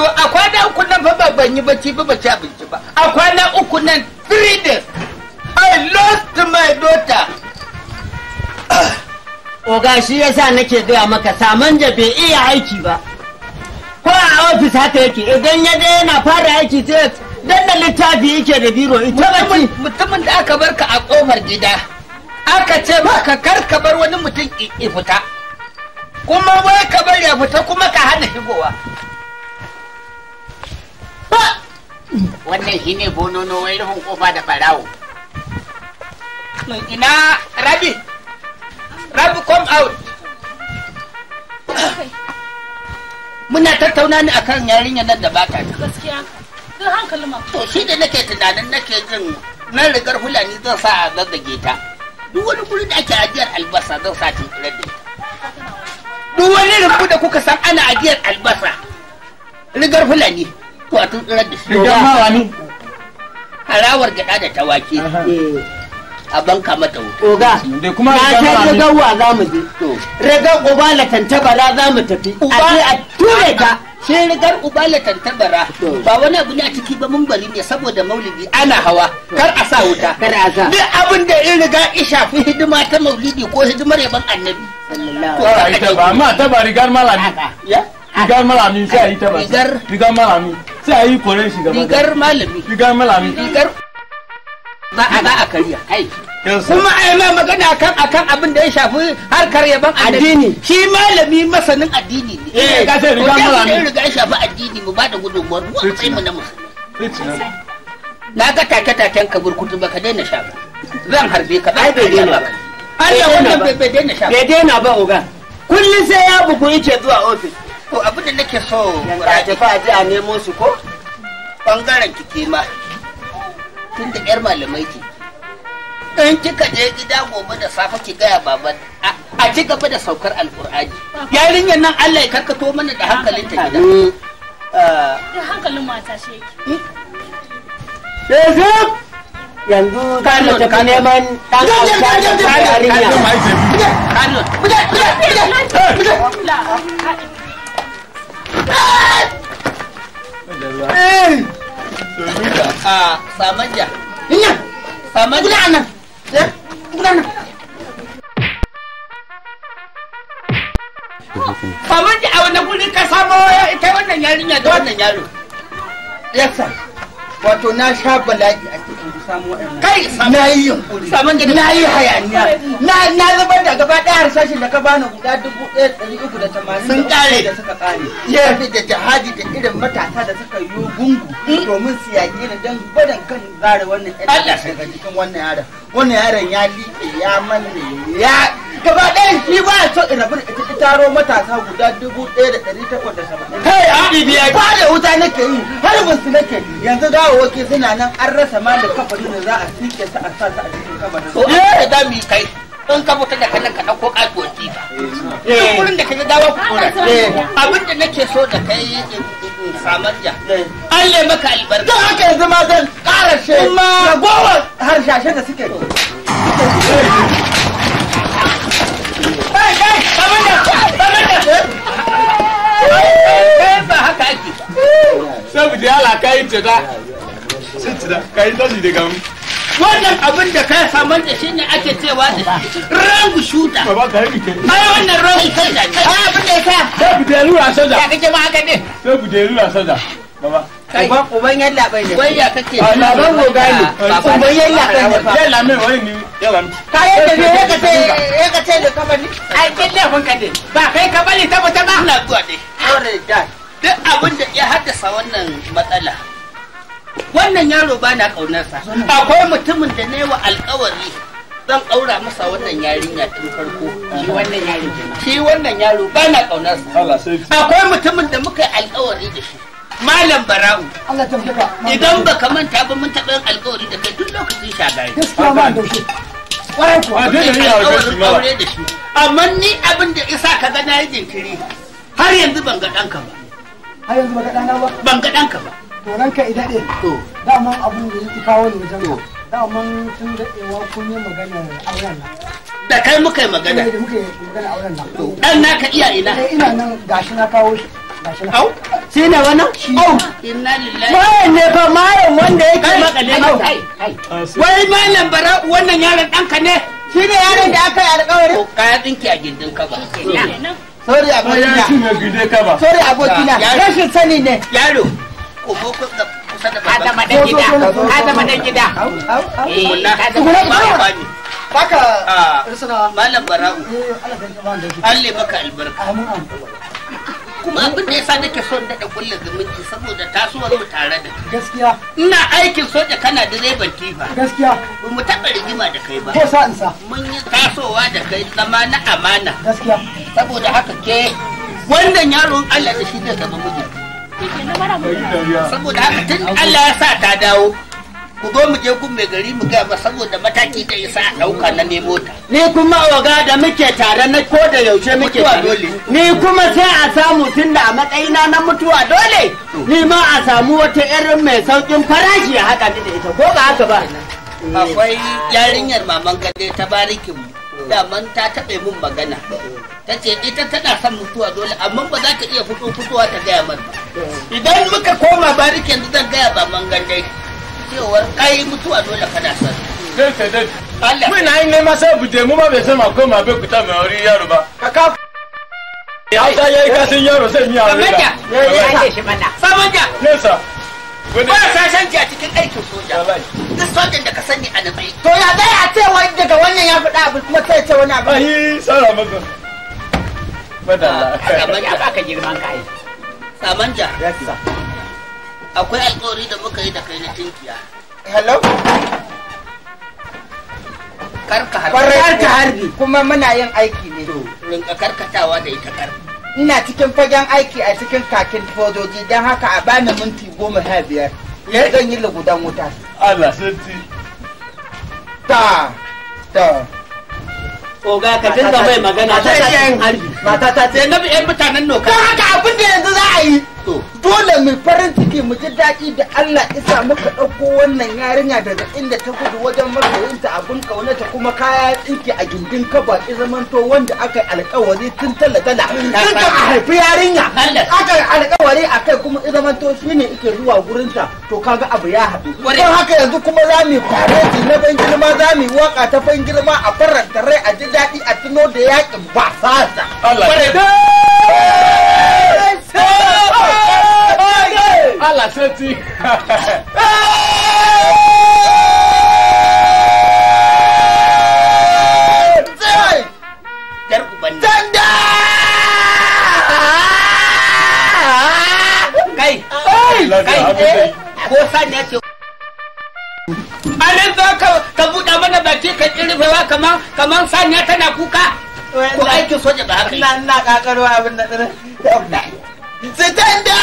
wato a kwana uku nan fa ba ban yi bacci ba ba ci abinci ba a kwana uku nan three days i lost my daughter oga shi yasa nake gaya maka saman da bai iya aiki ba ko a ofis haka yake idan ya ga yana fara aiki sai dan da littafi yake da biro ita bacci mutumin da aka barka a kofar gida aka ce maka kar ka bar wani mutum ya fita kuma wai ka bar ya fita kuma ka hana shigowa wannan shi ne na wai rufin kofa da farawo ina rabi rabi come out muna tattauna ne akan yarinya nan da ba gaskiya duk hankali ma to shi da nake tunanin nake jin nan rigar fulani zan sa a zazzage ta duk wani guri da ake ajiyar albasa zan sa tunkurar rabi duk wani rubu da kuka san ana ajiyar albasa rigar fulani to a tuntsirar da shi don mawa harawar gada da tawaki eh, a banka mata oga da kuma na ta ragawa za mu je ubala tantabara za mu tafi a a ture ta sai rigar ubala tantabara ba wani abu ne a ciki ba mun bari ne saboda maulidi ana hawa kar a sa wuta kar a sa duk abin da in riga in shafi hidima ta maulidi ko hidimar yaban annabi sallallahu alaihi wasallam ba ma ta ba rigar malami ya rigar malami sai a yi ta ba rigar malami sai a yi koren shi gaba rigar malami rigar malami rigar ba a ba a kariya kai kuma ai ma magana kan akan abin da ya shafi harkar yaban addini shi malami masanin addini ne eh ga sai rigar malami ne ga shafi addini mu ba da gudunmuwar mu a matsayin mu na musulmi na ga take taken kutu burkutu baka daina shafa zan harbe ka ai bai daina ba Allah wannan bai daina shafa bai daina ba uga kullun sai ya bugu yake zuwa ofis to abin da nake so a tafi a a nemo su ko bangaren kike ma tun da yar malamai ki dan kika je gida gobe da safe ki gaya baban a ci gaba da saukar alkur'ani yarinyar nan Allah ya karkato mana da hankalin ta gida da hankalin mata shi yake yanzu yanzu ka neman Samanja. Ina. a wani guri ka samo kai wannan yarinya da wannan yaro. Yes sir. wato na sha bala'i a cikin samu wa'in kai na yi na yi hayaniya na zubar da gaba ɗaya harsashin da ka bani guda dubu ɗaya ɗari uku da tamanin sun ƙare da suka ƙare fi da jihadi da irin matasa da suka yi gungu hmm? domin su yaƙi ni don gwadon kan zare wannan ɗan daga cikin wannan yaron wannan yaron ya liƙe ya manne ya kadai eh, shi ba ya so in rabu da taro matasa guda dubu ɗaya da ɗari takwas da saba'in. Kai a ɗibi ya ba da wuta nake yi har wasu nake yanzu gawawwaki suna nan an rasa ma da kafarin da za a sike su a sa su a cikin kabarin. So eh da mu mi kai in ka fita da kanan ka ɗauko ƙatuwar kifa. Eh. Duk wurin da ka ga gawa ku kora. Eh. Abin da nake so da kai samar ja. Allah maka albarka. Don haka yanzu ma zan ƙara shi. Ma gowar harshashe da suke. sai mu kayi wannan abin da ka samar da shi ne ake cewa da rangu shuta ka ai wannan rangu shuta ai abin da ya ka sai ku ruwa sada ya kake ma haka ne sai ku ruwa sada baba uban yalla bai ne wai ya kake a ah, baban goga ne uban yalla bai ne yalla mai wani ne yalla ka yadda ne ya kace ya kace da kabali ai kin lafin ka ne ba kai kabali ta ba ina zuwa dai already duk abin da ya haddasa wannan matsala wannan yaro ba na ƙaunarsa akwai mutumin da na wa alkawari zan ƙaura masa wannan yarinya tun farko shi wannan yaro shi wannan yaro ba na ƙaunarsa akwai mutumin da muka yi alkawari da shi Malam Bara'u. Idan ba ka manta ba mun taɓa yin alƙawari da kai duk lokacin shagari. Gaskiya ma daushe. kuwa. A da ni a wajen aure da Amma ni abin da isa ka ga na yi jinkiri har yanzu ban ga ɗanka ba. Har yanzu ba ga ɗana ba? Ban ga ɗanka ba. To ranka idan ɗin. To. Daman abin da ya kawo ni wajen. To. Daman tun daɗewa kun yi magana auren wannan. Da kai muka yi magana. Da muka yi magana auren wannan. To. Ɗan naka iya ina. Eh, ina nan gashi na kawo shi. Au? Shi ne wannan? Au! Mayan ne fa mayan wanda yake makale au. Wai malam bara wannan yaron ɗanka ne? Shi ne yaron da aka yi alƙawarin? Ko kaya tsinki a gindin ka ba. Sori abokina. Sorry abokina. Rashin sani ne. Yaro. Ko ko Adama dan gida. Adama dan gida. Tsuguna ba ni. Baka. Ah. Malam Bara'u. Eh, Allah maka albarka. kuma abin da sa nake son daɗa kulle zumunci saboda tasowar mu tare da gaskiya ina aikin soja kana direban tifa gaskiya ba mu taɓa rigima da kai ba ko sa in sa mun yi tasowa da kai zama na amana gaskiya saboda haka ke wannan yaron Allah da shi zai zama miji saboda haka tun Allah ya sa ta dawo ku zo mu je kun mai gari mu gaya ba saboda mataki da isa a ɗauka na nemo ta. Ni kuma oga da muke tare na ko da yaushe muke tare. dole. Ni kuma sai a samu tunda a matsayina na mutuwa dole. Ni ma a samu wata irin mai saukin farashi a haka da ita ko ba haka ba. Akwai yarinyar maman gade ta barikin daman ta taɓa mun magana. Ta ce ita tana son mutuwa dole amma ba za ta iya fito fitowa ta gaya mana. Idan muka ko cewar kai mutuwa dole kana son dai dai Allah na yin nema sai bude mu ma bai sai ma koma bai kuta mai wuri yaro ba kaka ya ta yayi kasin yaro sai miya wuri kamanja ya ya shi mana samanja nesa ba sa canji a cikin aikin soja duk sojan da ka sani a nabai to ya zai a ce wani daga wannan ya faɗa abu kuma sai ce wani abu ahi sara maka madalla kamanja ba ka girman kai samanja akwai alƙawari da muka yi da kai na tinkiya hello karka harbi kuma muna yin aiki ne rinka karkatawa da ita karfi ina cikin fagen aiki a cikin kakin fodoji don haka a bani minti goma sha biyar zan yi lugudan wuta Allah sarki ta ta oga ka dinga mai magana ta cikin harbi mata ta ce na biyan mutanen noka don haka abin da yanzu za a yi dole mu farin ciki mu ji daɗi da Allah isa muka ɗauko wannan yarinya daga inda ta gudu wajen abun abin ta kuma kaya tsinki a gindin kaba ki zamanto wanda aka yi alkawari tun talatala tun a haifi yarinya aka yi alkawari a kai kuma izamanto shi ne ike zuwa gurinta to kaga abu ya haɗu don haka yanzu kuma za mu fareti na ban girma za mu waka ta ban girma a faranta rai a ji daɗi a tuno da yaƙin ba sasa. Allah. bala seti. Kai! a nan za ka buɗa mana baki ka ƙirfewa kamar kamar saniya tana kuka ko aikin soja ba haka na na abin da Sitanda!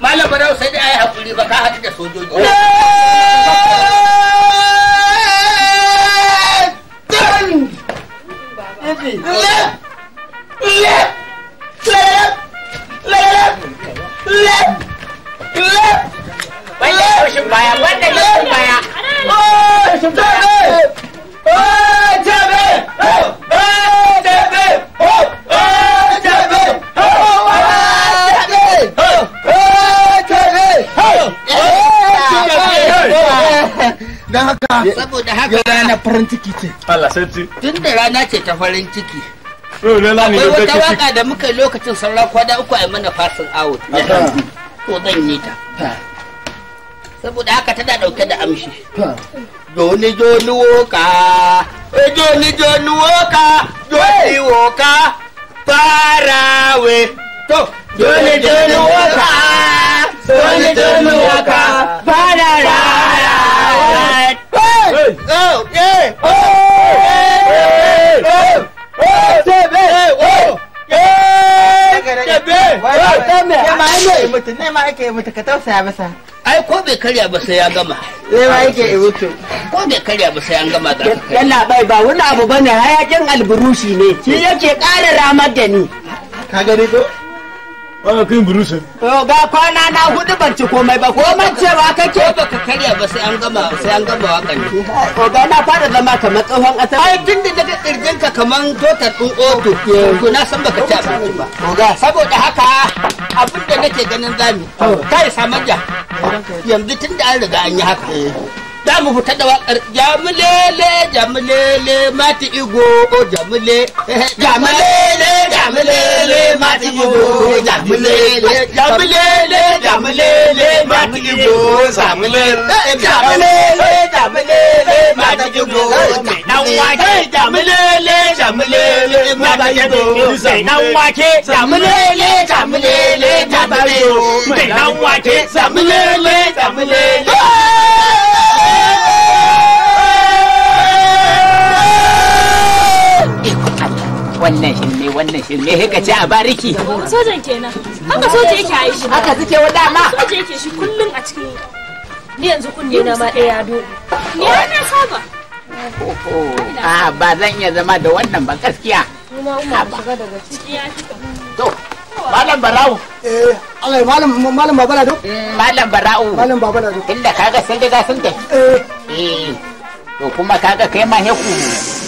Malam Barau sai dai ai hakuri ba ka haɗu da sojoji. saboda haka yau rana farin ciki ce Allah ci tun da rana ce ta farin ciki akwai wata waka da muka lokacin sauran da uku a mana fasin awo to zan yi ta saboda haka tana dauke da amshi eh, joni joni woka joni joni woka joni woka farawe to joni joni woka joni joni woka farawe ai ko bai karya ba sai ya gama sai ma yake ibutu ko bai karya ba sai an gama za yana bai ba wani abu bane hayakin alburushi ne shi yake ƙara ramar da ni ka gani ko Wani kai to Ga kwana na hudu ban ci komai ba ko man cewa kake. Ba ka karya ba sai an gama sai an gama wakan. Ga na fara zama kamar tsohon ƙasa. Ai tunda da daga kirjin ka kamar tota ɗin oto. To na san baka ci abinci ba. Saboda haka abin da nake ganin zami. Kai samanja. Yanzu tun an riga an yi haka. Eh. za mu fita da wakar jamulele jamulele mati igo jamule jamulele jamulele mati igo Jamilele jamulele jamulele mati igo Jamilele jamulele jamulele mati igo dan Jamilele jamulele jamulele mati igo dan Jamilele jamulele jamulele mati igo dan wake jamulele wannan shi ne wannan shi ne haka ce a bariki sojan kenan haka soja yake a shi haka suke wada ma soja yake shi kullum a cikin ni yanzu kunne na ma daya do ni na saba a ba zan iya zama da wannan ba gaskiya to malam barau eh Allah malam malam babala do mm, malam barau malam babala do inda kaga sun ga sun da eh. eh to kuma kaga kai ma heku